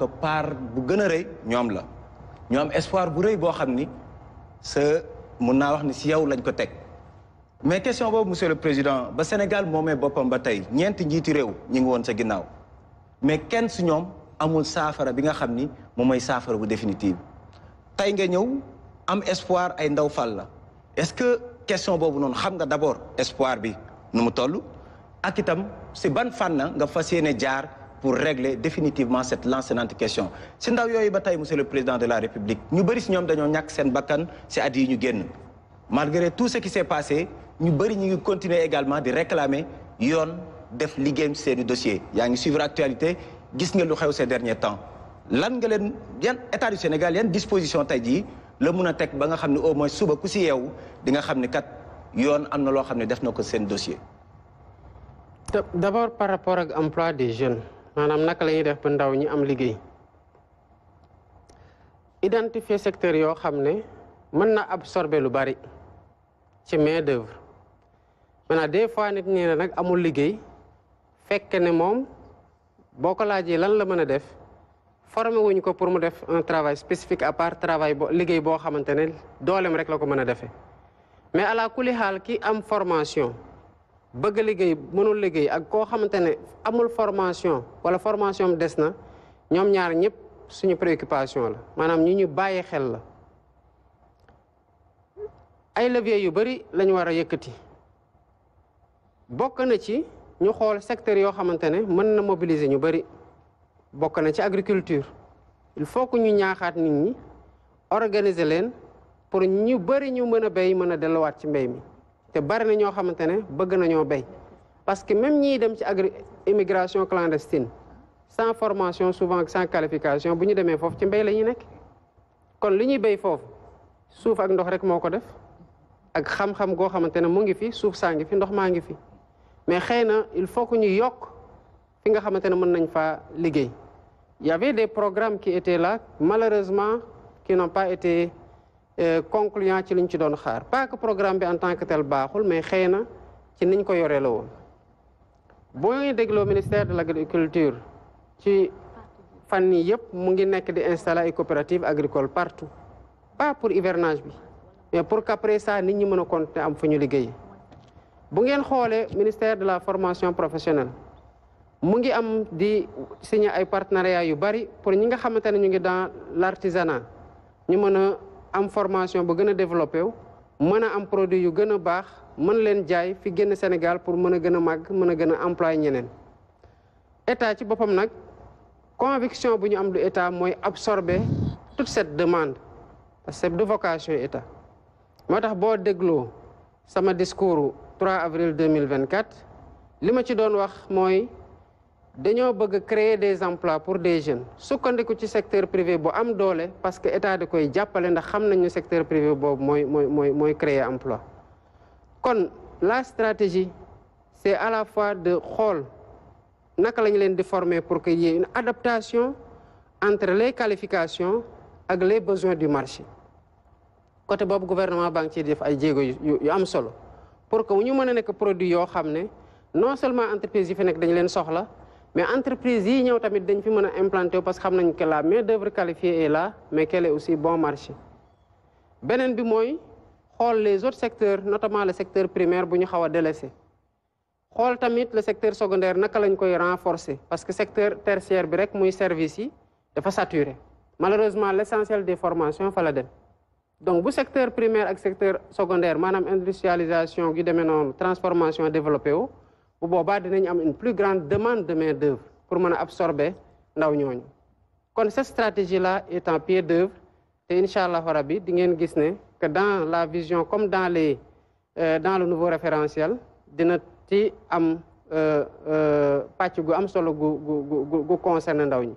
que part bu gën a rëy ñoom la ñu am espoir bu rëy boo xam ni sa mun naa wax ni si yow lañ ko teg mais question boobu monsieur le président ba Sénégal moomee boppam ba tey ñeenti njiiti réew ñu ngi woon sa ginnaaw mais kenn su ñoom amul saafara bi nga xam ni moom mooy saafara bu définitive tey nga ñëw am espoir ay ndaw fal la est-ce que question boobu noonu xam nga d'abord espoir bi nu mu toll ak itam si ban fànn nga fa yéene jaar pour régler définitivement cette lancinante question si ndaw yooyu ba tey monsieur le président de la république ñu bëri si ñoom dañoo ñàkk seen bakkan si at yi ñu génn malgré tout ce qui s'est passé ñu bëri ñu ngi continuer également di réclamer yoon def liggéeyam si seeni dossier yaa ngi suivre actualité gis nga lu xew ces derniers temps lan nga leen yan état du Sénégal yan disposition tey jii la mun a teg ba nga xam ne au moins suba ku si yeewu di nga xam ne kat yoon am na loo xam ne def na ko seen dossier. d'abord par rapport ak emploi des jeunes. maanaam naka la ñuy def ba ndaw ñi am liggéey identifier secteur yoo xam ne mën na absorber lu bari ci main d'œuvre maanaam des fois nit ñi ne nag amul liggéey fekk ne moom boo ko laajee lan la mën a def formé wuñ ko pour mu def un travail spécifique à part travail liggéey boo xamante ne dooleem rek la ko mën a defee mais ala kuli xaal ki am formation. bëgg liggéey mënul liggéey ak koo xamante ne amul formation wala formation des na ñoom ñaar ñëpp suñu préoccupation la maanaam ñi ñu bàyyi xel la ay leviers yu bëri lañu war a yëkkati bokk na ci ñu xool secteur yoo xamante ne mën na mobiliser ñu bëri bokk na ci agriculture il faut que ñu ñaaxaat nit ñi organiser leen pour ñu bëri ñu mën a béy mën a delluwaat ci mbéy mi te bari na ñoo xamante ne bëgg nañoo béy parce que même ñiy dem ci agri immigration clandestine sans formation souvent sans qualification bu ñu demee foofu ci mbéy la ñuy nekk kon li ñuy béy foofu suuf ak ndox rek moo ko def ak xam-xam goo xamante ne mu ngi fi suuf saa ngi fi ndox maa ngi fi mais xëy na il faut que ñu yokk fi nga xamante ne mën nañ faa liggéey y avait des programme ki étaient la malheureusement ki n'ont pas été Euh, concluant ci liñ ci doon xaar pas que programme bi en tant que tel baaxul mais xëy na ci niñ ko yoree la woon boo ngi dégloo ministère de l' agriculture ci fan yii yëpp mu ngi nekk di installer ay coopérative agricole partout pas pour hivernage bi mais pour qu' après ça nit ñi mën a continuer am fu ñu liggéey bu ngeen xoolee ministère de la formation professionnelle mu ngi am di signer ay partenariat yu bari pour ñi nga xamante ne ñu ngi dans l' am formation bu gën a développé wu mën a am produit yu gën a baax mën leen jaay fi génn Sénégal pour mën a gën a màgg mën a gën a employé ñeneen état ci boppam nag conviction bu ñu am du état mooy absorber toute cette demande parce que de vocation état moo tax boo dégloo sama discours 3 avril 2024 li ma ci doon wax mooy dañoo bëgg créer des emplois pour des jeunes sukkandiku ci secteur privé bu am doole parce que état da koy jàppale ndax xam nañu secteur privé boobu mooy mooy mooy mooy créer emplois kon la stratégie c'est à la fois de xool naka lañu leen di former pour que y ait adaptation entre les qualifications ak les besoins du marché côté boobu gouvernement baa ngi ciy def ay jéego yu am solo pour que ñu mën a nekk produit yoo xam ne non seulement entreprise yi fi nekk dañu leen soxla mais entreprise yi ñëw tamit dañ fi mën a implanter parce que xam nañ que mais main d'œuvre qualifiée la mais qu'elle aussi bon marché beneen bi mooy xool les autres secteurs notamment le secteur primaire bu ñu xaw a délaissé xool tamit le secteur secondaire naka lañ koy renforcer parce que secteur tertiaire bi rek muy service yi dafa saturé malheureusement l'essentiel des formation fala la dem donc bu secteur primaire ak secteur secondaire maanaam industrialisation gi demee noonu transformation développé wu bu boobaa dinañ am une plus grande demande de mais d'œuvre pour mën a absorber ndaw ñooñu kon cette stratégie là est en pied d'œuvre te incha allah rabi di ngeen gis ne que dans la vision comme dans les euh, dans le nouveau référentiel dina ci am euh, euh, pàcc gu am solo gu gu gu ndaw ñi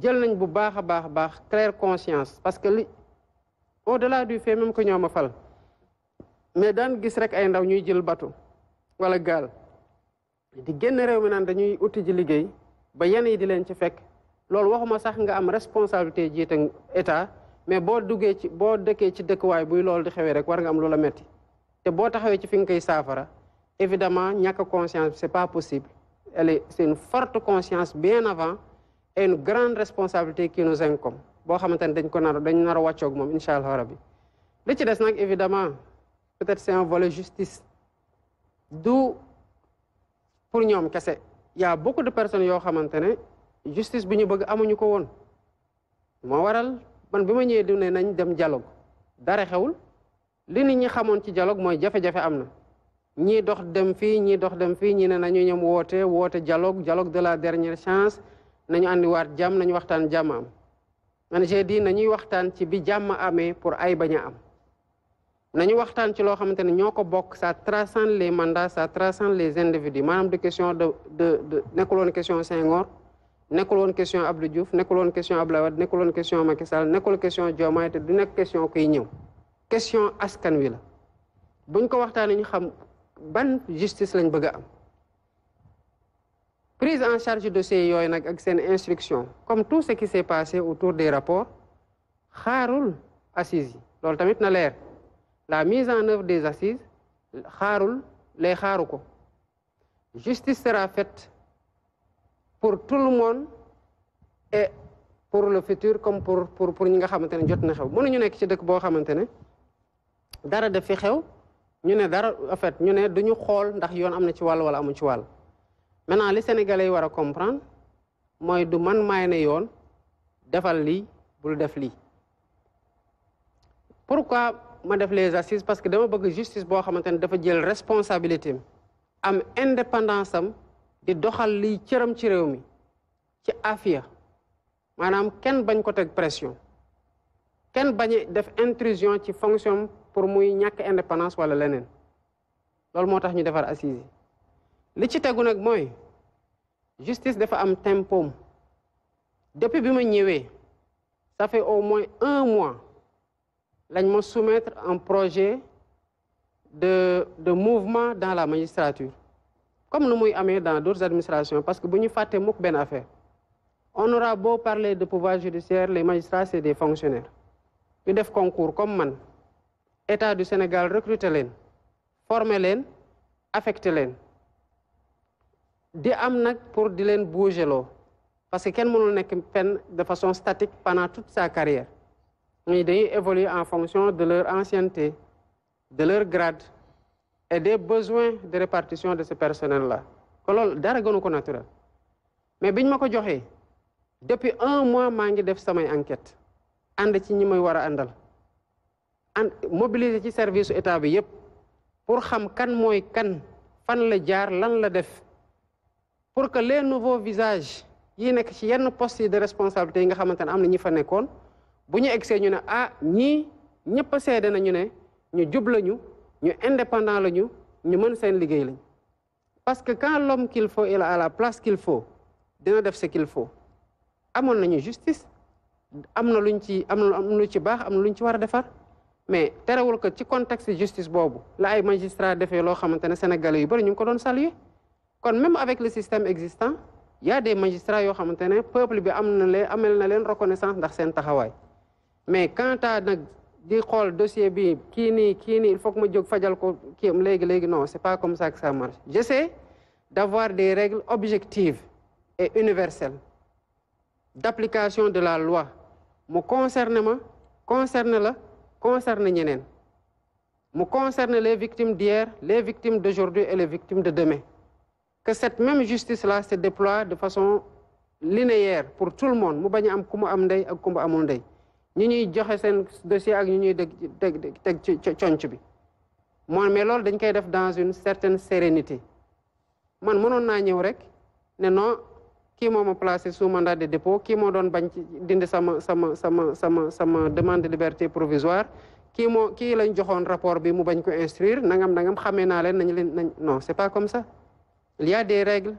jël nañ bu baax a baax baax claire conscience parce que li de la du fait même que ñoom a fal mais daan gis rek ay ndaw ñuy jël bateau wala gaal. di génn réew mi naan dañuy uti ji liggéey ba yenn yi di leen ci fekk loolu waxuma sax nga am responsabilité jiite état mais boo duggee ci boo dëkkee ci dëkkuwaay buy loolu di xewee rek war nga am loola metti te boo taxawee ci fi nga koy saafara évidemment ñàkk conscience c'est pas possible elle seen c'est forte conscience bien avant et une grande responsabilité qui nous incombe boo xamante ne dañ ko nar dañ nar a wàccoog moom incha allah rabbi li ci des nag évidemment peut pour ñoom kese yaa bokk de personnes yoo xamante ne justice bi ñu bëgg amuñu ko woon moo waral man bi ma ñëwee du ne nañ dem dialogue dara xewul li nit ñi xamoon ci jaloog mooy jafe-jafe am na ñii dox dem fii ñii dox dem fii ñi ne nañu ñoom woote woote jaloog jaloog de la dernière chance nañu àndiwaat jàmm nañu waxtaan jàmm am man j'ai dit nañuy waxtaan ci bi jàmm amee pour ay bañ a am nañu waxtaan ci loo xamante ne ñoo ko bokk ça transcende les mandats ça transcende les individus maanaam de question de de de nekkul woon question Senghor nekkul woon question Abdou Diouf nekkul question Abdoulaye Wade nekkul woon question Macky Sall nekkul question Diomaye te du nekk question kuy ñëw question askan wi la buñ ko waxtaanee ñu xam ban justice lañ bëgg a am prise en charge dossier yooyu nag ak seen instruction comme tout ce qui s'est passé autour des rapports xaarul assises yi loolu tamit na leer la mise en œuvre des assises xaarul lay xaaru ko justice sera faite pour tout le monde et pour le future comme pour pour pour ñi nga xamante ne jot na xew mënuñu nekk ci dëkk boo xamante ne dara defi xew ñu ne dara en fait ñu ne duñu xool ndax yoon am na ci wàll wala amu ci wàll maintenant li sénégalais yi war a comprendre mooy du man maay ne yoon defal lii bul def lii pourquoi ma def les assises parce que dama bëgg justice boo xamante ne dafa jël responsabilité am indépendance am di doxal liy cëram ci réew mi ci afia maanaam kenn bañ ko teg pression kenn bañ def intrusion ci fonction pour muy ñàkk indépendance wala leneen loolu moo tax ñu defar assises yi li ci tegu nag mooy justice dafa am tempoom depuis bi ma ñëwee ça fait au moins un mois lañ ma soumettre un projet de de mouvement dans la magistrature comme nu muy amee dans d'autres administrations parce que bu ñu fàtte ben benn affaire on aura beau parler de pouvoir judiciaire les magistrats c'est des fonctionnaires ñu def concours comme man état du Sénégal recruter leen former leen affecter leen di am nag pour di leen bouger parce que kenn mënul nekk fenn de façon statique pendant toute sa carrière ñuy dañuy évoluer en fonction de leur ancienneté de leur grade et des besoins de répartition de ce personnel là ko loolu dara gënu ko naturel mais biñ ma ko joxee depuis un mois maa ngi def samay enquête ànd ci ñi may war a àndal ànd mobiliser ci service état bi yépp pour xam kan mooy kan fan la jaar lan la def pour que les nouveaux visage yi nekk ci yenn postes yi de responsabilité yi nga xamante ne am na ñi fa nekkoon bu ñu egsee ñu ne ah ñii ñëpp a seede nañu ne ñu jub lañu ñu indépendant lañu ñu mën seen liggéey lañ parce que quand l'homme qu'il faut il a à la place qu'il dina def ce qu'il amoon nañu justice am na luñ ci am na lu ci baax am na luñ ci war a defar mais terewul ko ci contexte justice boobu laay ay magistrat defee loo xamante ne sénégalais yu bëri ñu ngi ko doon saluer kon même avec le système existant y a des magistrats yoo xamante ne peuple bi am na leen amel na leen reconnaissance ndax seen taxawaay mais quant nag di xool dossier bi kii nii kii nii il ma jóg fajal ko kii am léegi léegi non c'est pas comme ça que ça marche j'essaie d'avoir des règles objectives et universelles d'application de la loi mu concerne ma concerne la concerne ñeneen mu concerne les victimes d'hier les victimes d'aujourd'hui et les victimes de demain que cette même justice-là se déploie de façon linéaire pour tout le monde mu bañ am ku mu am ndey ak ku mu amul ñu ñuy joxe seen dossier ak ñu ñuy dég dég teg ci conc bi mooy mais loolu dañ koy def dans une certaine sérénité man mënoon naa ñëw rek ne non kii moom ma placé sous mandat de dépôt kii moo doon bañ ci dindi sama sama sama sama sama demande de liberté provisoire kii moo kii lañ joxoon rapport bi mu bañ ko instruire nangam nangam xamee naa leen nañ leen nañ non c'est pas comme ça il y a des règles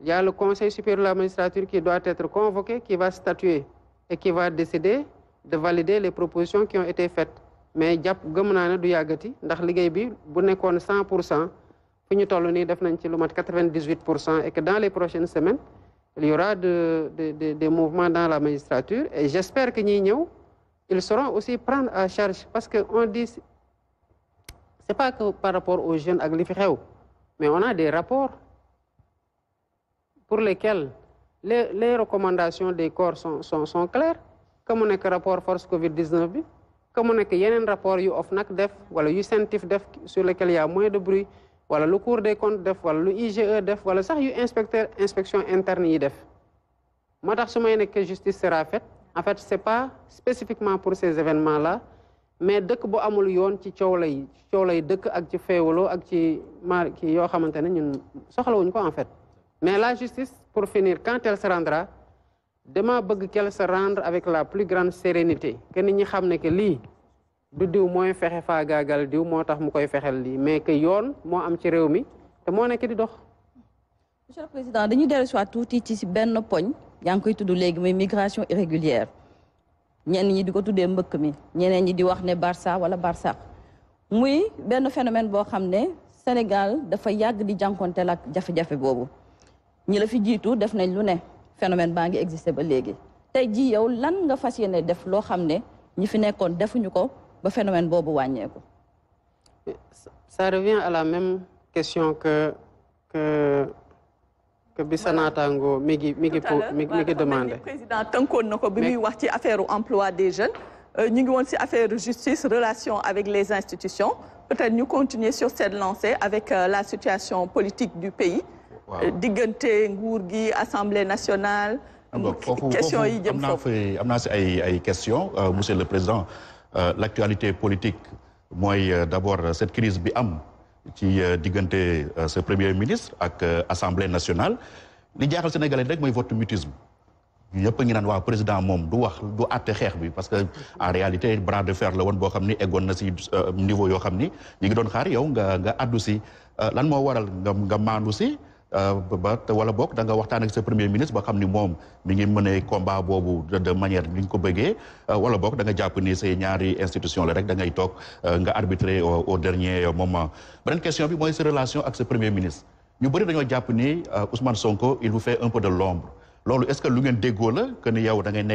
il y le conseil supérieur de la magistrature qui doit être convoqué qui va statuer et qui va décider de valider les propositions qui ont été faites mais jàpp gëm naa ne du yàggati ndax liggéey bi bu nekkoon cent pour cent fu ñu toll nii def nañ ci lu mat quatre vingt dix pour cent et que dans les prochaines semaines il y de de de des mouvements dans la magistrature et j'espère que ñiy ñëw ils seront aussi prendre à charge parce que on dit c'est pas que par rapport aux jeunes ak li fi xew mais on a des rapports pour lesquels les les recommandations des corps sont sont sont claires ka mu nekk rapport force Covid 19 bi ka mu nekk yeneen rapport yu OFNAC def wala yu CENTIF def sur lesquels y moins de bruit wala lu Cour de comptes def wala lu IGE def wala sax yu inspecteur inspection interne yi def moo tax su may nekk justice sera faite en fait c'est pas spécifiquement pour ces événements la mais dëkk bu amul yoon ci coow lay coow lay dëkk ak ci féewaloo ak ci ma ki yoo xamante ne ñun soxlawuñ ko en fait mais la justice pour finir se rendra dama bëgg qu'elle sa rendre avec la plus grande sérénité que ni ñi xam ne que lii du diw mooy fexe faagaagal diw moo tax mu koy fexel lii mais que yoon moo am ci réew mi te moo nekk di dox. monsieur le président dañuy dellu si waat tuuti ci benn poñ yaa koy tudd léegi muy migration irrégulière ñenn ñi di ko tuddee mbëkk mi ñeneen ñi di wax ne barsa wala Barça muy benn phénomène boo xam ne Sénégal dafa yàgg di jànkonteel ak jafe-jafe boobu ñi la fi jiitu def nañ lu ne. phénomène baa ngi existé ba léegi tey jii yow lan nga fas yéene def loo xam ne ñi fi nekkoon defuñu ko ba phénomène boobu wàññeeku. ça revient à la même question que que que bi sa naataango mi ngi mi ngi mi ngi demandé. président tënkoon na ko bi muy wax ci affaire emploi des jeunes. Euh, ñu ngi woon si affaire justice relation avec les institutions peut-être ñu continuer sur cette lancée avec euh, la situation politique du pays. Euh, diggante nguur gi assemblée nationale. Ah, question yi jëm foofu am naa si ay ay question euh, monsieur le président euh, l'actualité politique mooy d'abord cette crise bi am ci diggante ce premier ministre ak assemblée nationale li jaaxal sénégalais rek mooy vote mutisme ñëpp a ngi naan waa président moom du wax du àtte xeex bi parce que en réalité bras de fer la woon boo xam ni eggoon na si niveau yoo xam ni ñu ngi doon xaar yow nga nga addu si lan moo waral nga nga maandu si Euh, ba wala bokk da nga waxtaan ak sa premier ministre ba xam ni moom mi ngi mënee combat boobu de manière ni ñu ko bëggee euh, wala bokk da jàpp ni say ñaari institution la rek da ngay toog euh, nga arbitrer au dernier moment. beneen question bi mooy sa relation ak sa premier ministre ñu bëri dañoo jàpp ni Ousmane Sonko il vous fait un peu de l'ombre loolu est-ce que lu ngeen déggoo la que ni yow nekk.